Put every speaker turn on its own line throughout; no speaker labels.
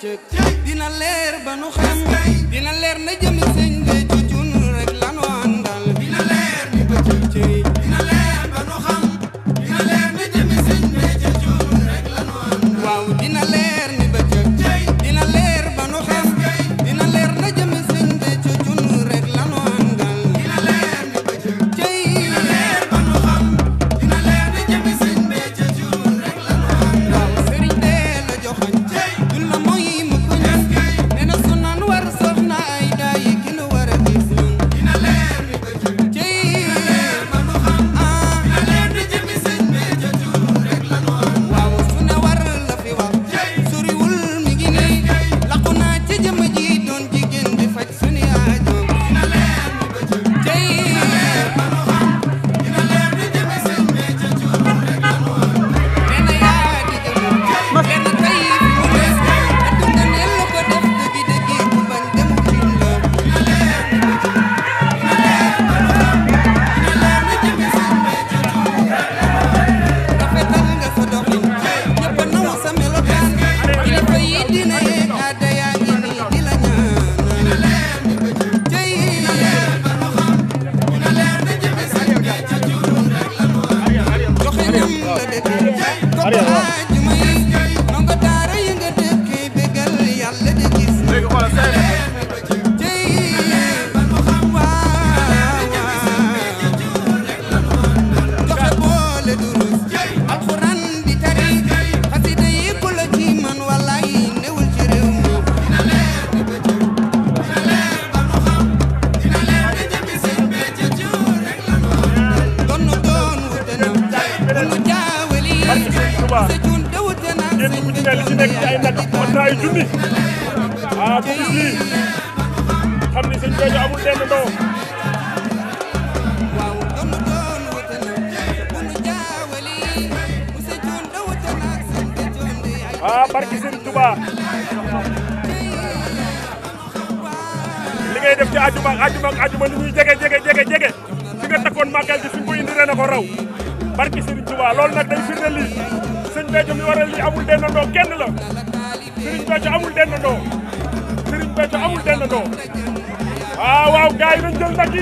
Türk dina
ngeen dugg ci ne li ay nag kontaayu junni ah ku gis lii xam ni sëñ Béthio amul denn ndoo ah barki sëñ Touba li ngay def ci àjjuma ak àjjuma ak àjjuma li muy jege jege jege jege fi nga takkoon màggal a ko raw barki sëñ loolu nag day firnde lii sëñ Béthio mi waral li amul dendandoo kenn la sëriñ Béthio amul dendandoo sëriñ Béthio amul dendandoo waaw ah, waaw gars yi nañ jël nag yi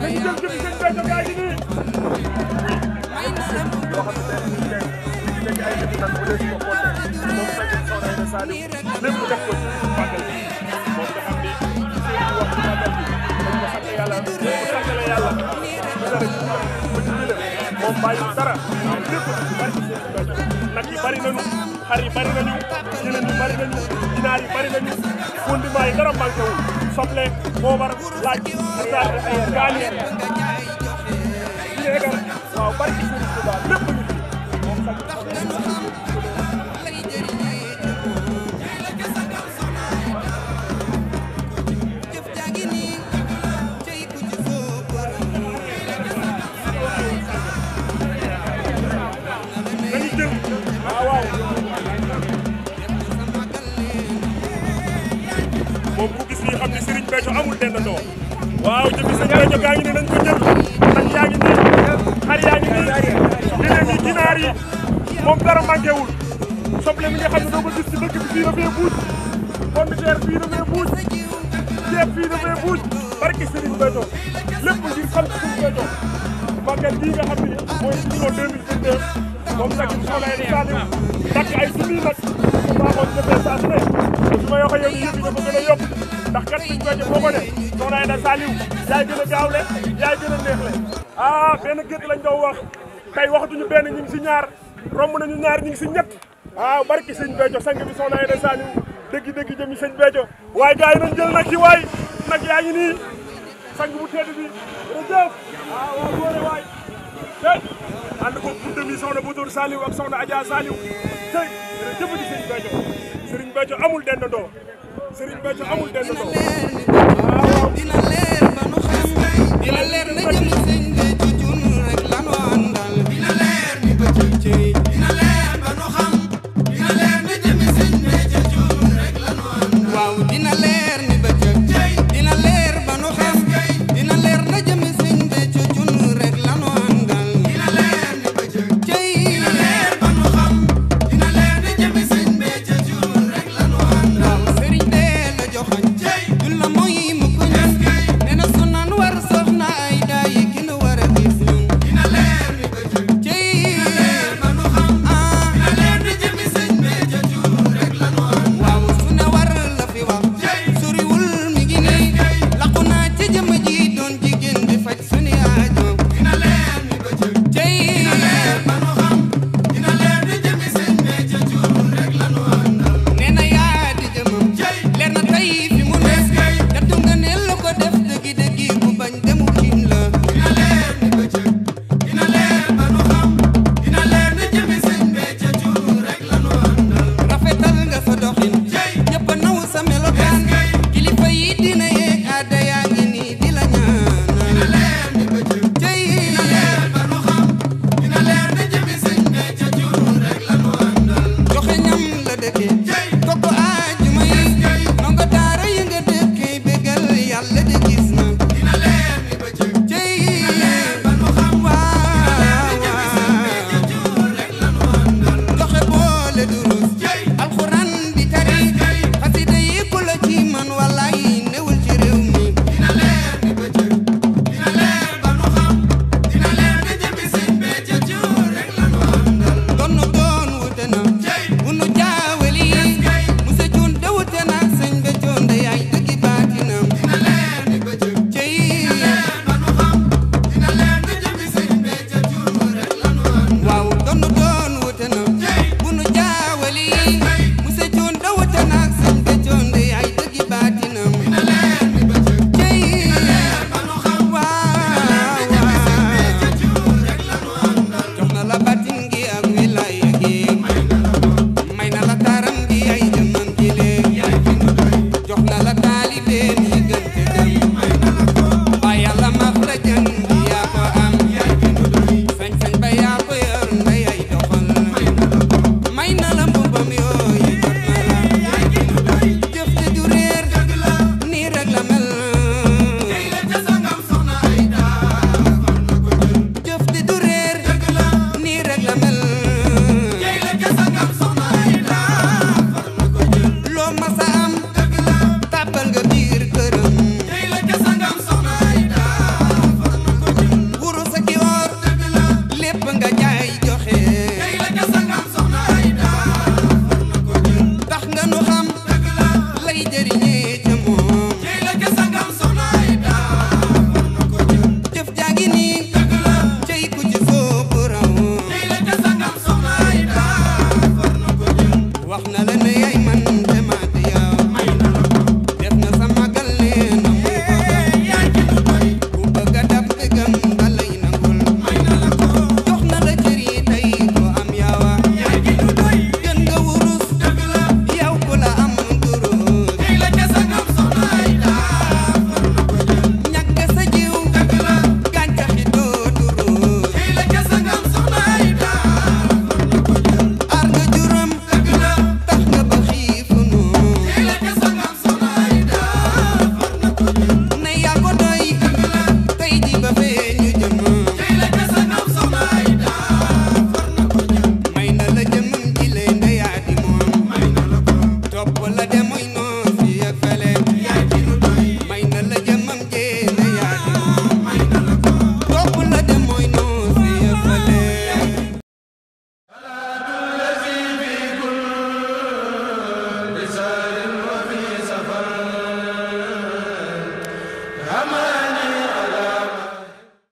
nañu jël jëfi sëñ Béthio gars yi nii lépp def ko ci màggal bi moom nga xam ni wax ci màggal bi dañ ko sant yàlla bu santale yàlla bu dara ci ba ci bilam moom bàyyi dara lépp bari ci sëñ Béthio nag yi bari nañu xar yi bari nañu jëlin yi bari nañu ginaar yi bari nañu fondement yi dara manqué wul soble poobar laaj gaali waaw bari ci suñu Tuubaa lépp waaw jëfi sëñ Béthio gaa ngi ne nañ ko jël nag yaa ngi moom dara manqué wul soble mi nga doo ko gis ci dëkk bi buuj pomme de terre fii dafee buuj ceeb fii dafee buuj barke Serigne Béthio lépp ngir xam ci Serigne Béthio màggal gii nga xam ne mooy Milo 2022 moom nag ñu ko mayee saa ni takk ay simili nag maa ko defee saa su ne su ma yokkoo yow nii yëpp dafa a yokk ndax kat liñ koy def boo ko def soxna Aida yaay gën a gaawle yaay gën a neexle. ah benn gerte lañ doon wax tey waxatuñu benn ñu ngi si ñaar romb nañu ñaar ñu ngi si ñett waaw ah, barki sëñ Béthio sang bi soxna a Saliou dëgg dëgg jëmi sëñ Béthio waaye gars yi nañ jël nag waay nag yaa ngi nii sang bu tedd bi jërëjëf ah, waaw waaw góore waay ànd ko guddi mi soxna Boutour Saliou ak soxna Adja Saliou tey jërëjëf di Serigne Béthio Serigne Béthio amul dendandoo Serigne Béthio amul dendandoo. dina leer ba nu xam dina leer na
jënd sëñ Béthio Njaay